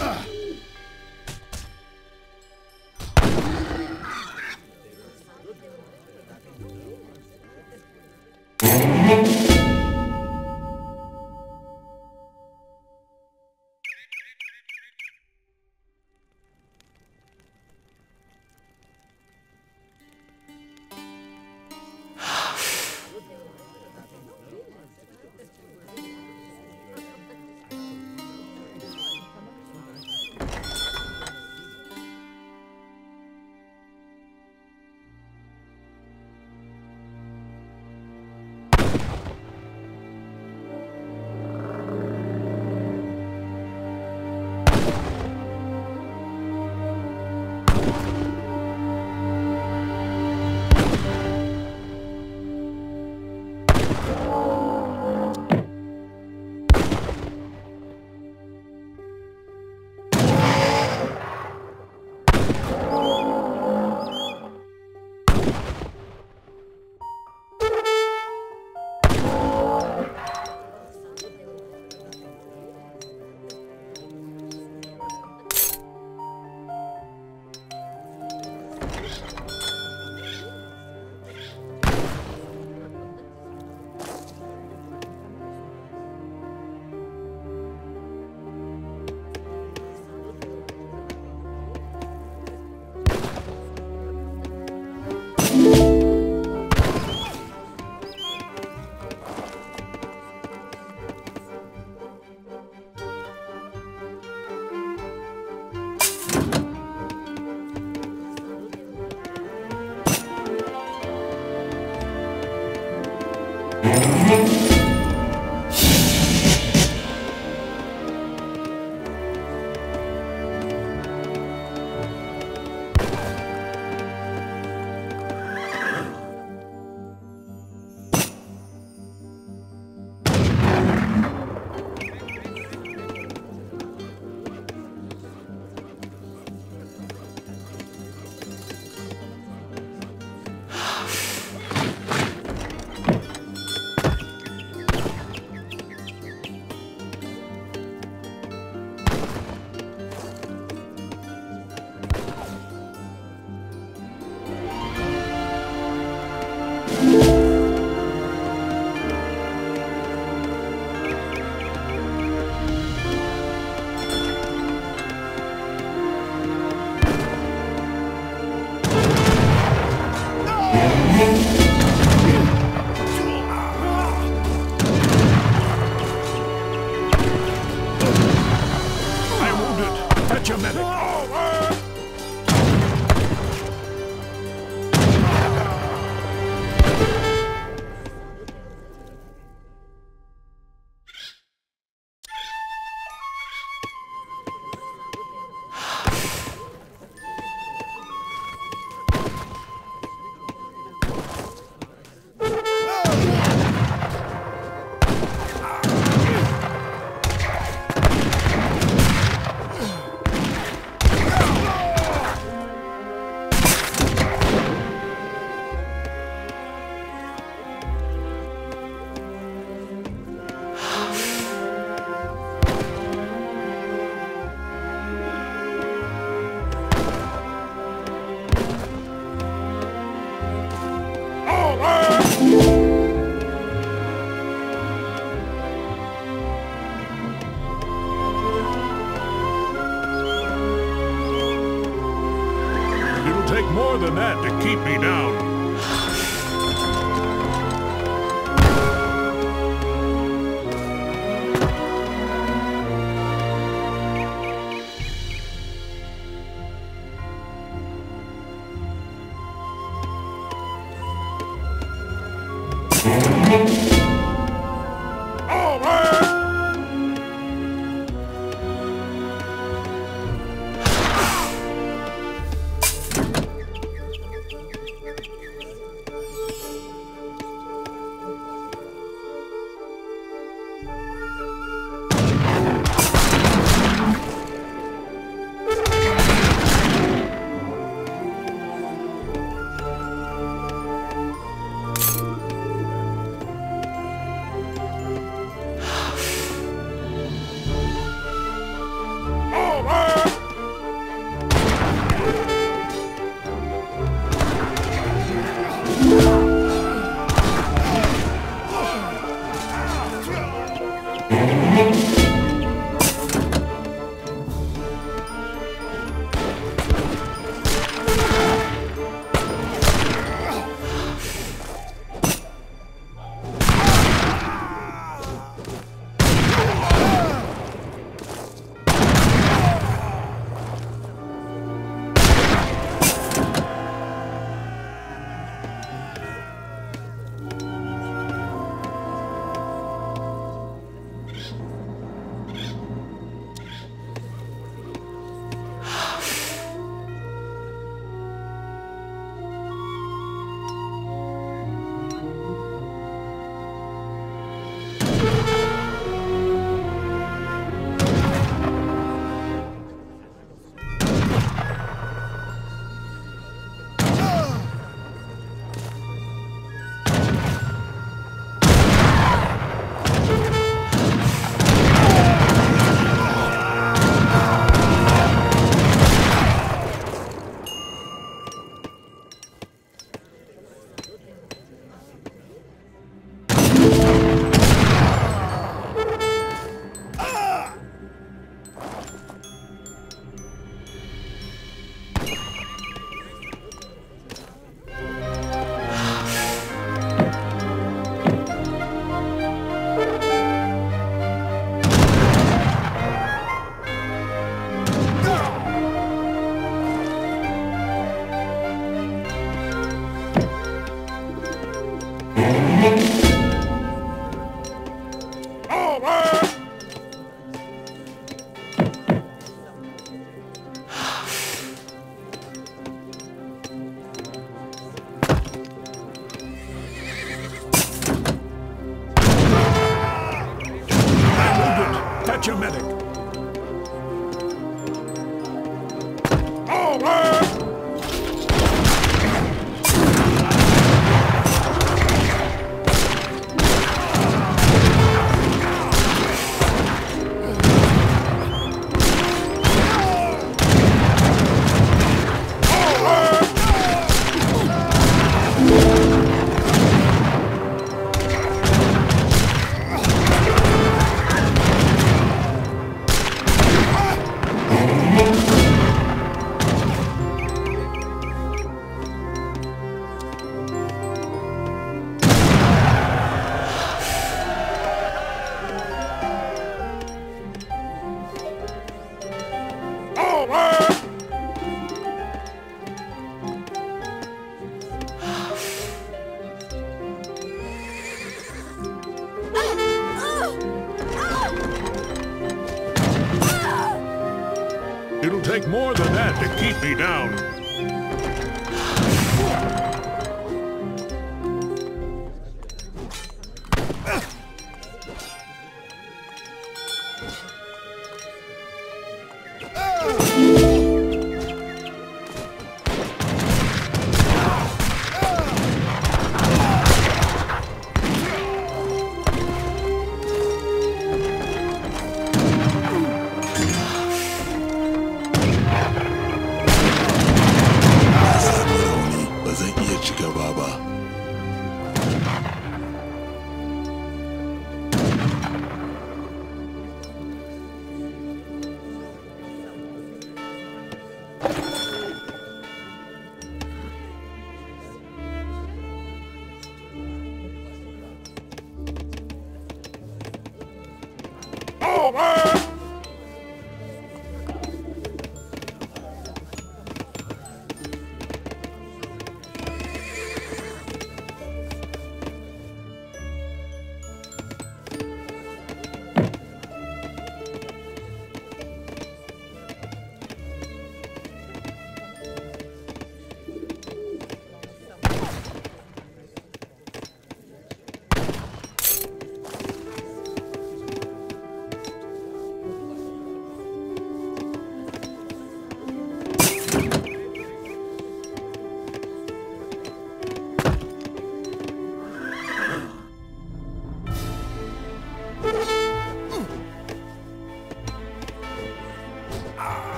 Ugh. Ah. first. More than that to keep me down.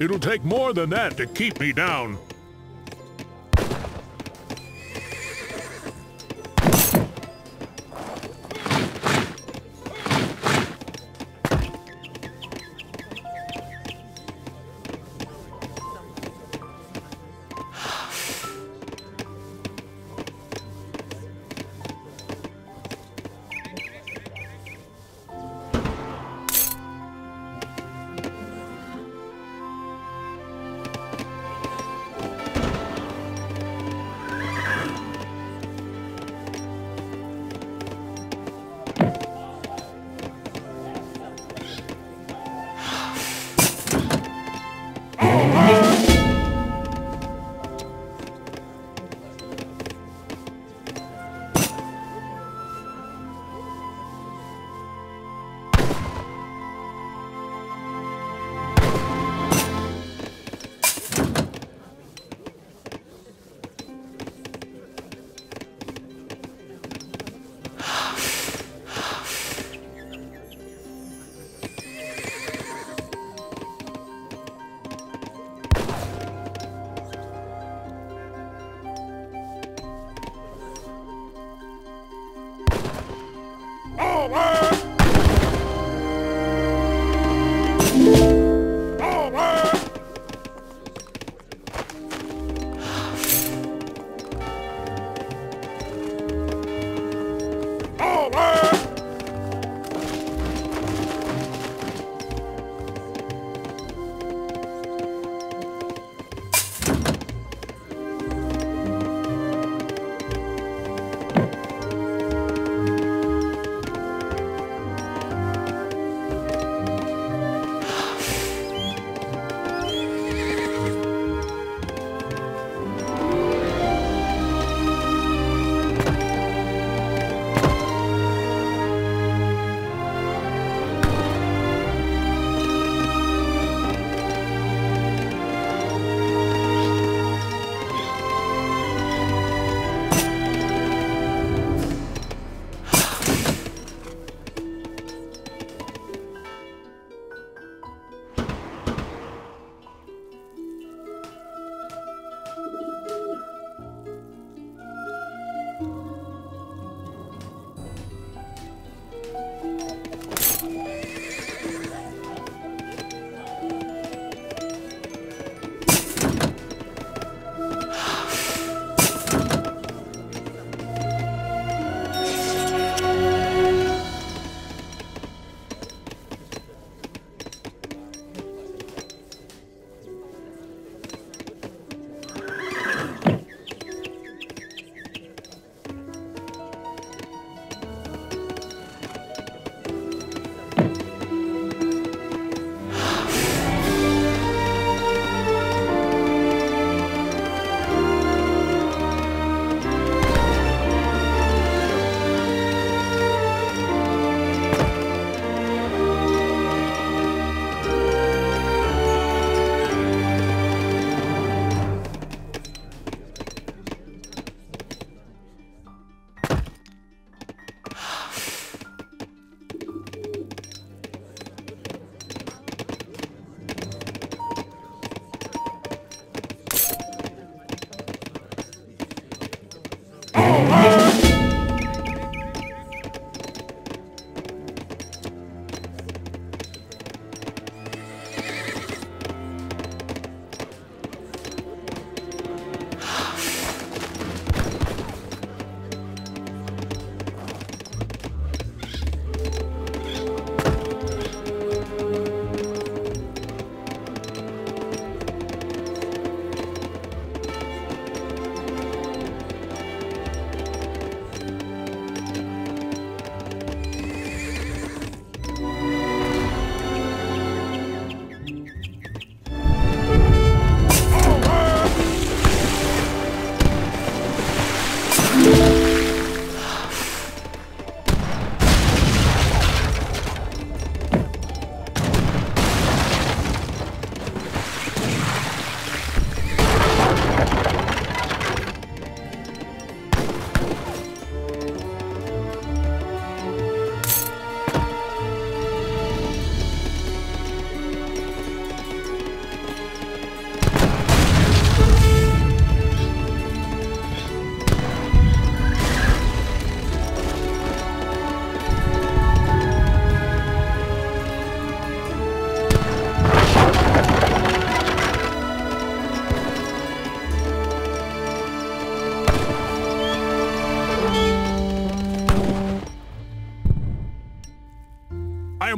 It'll take more than that to keep me down.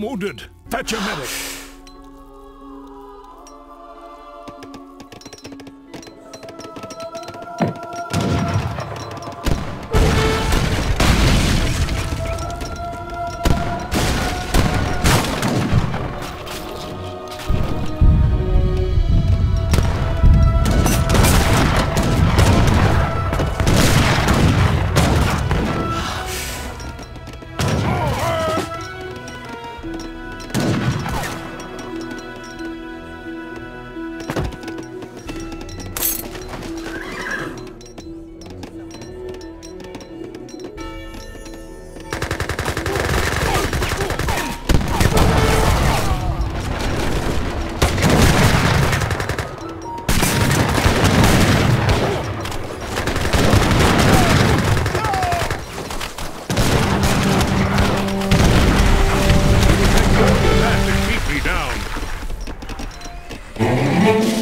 wounded. Fetch a medic. Thank you.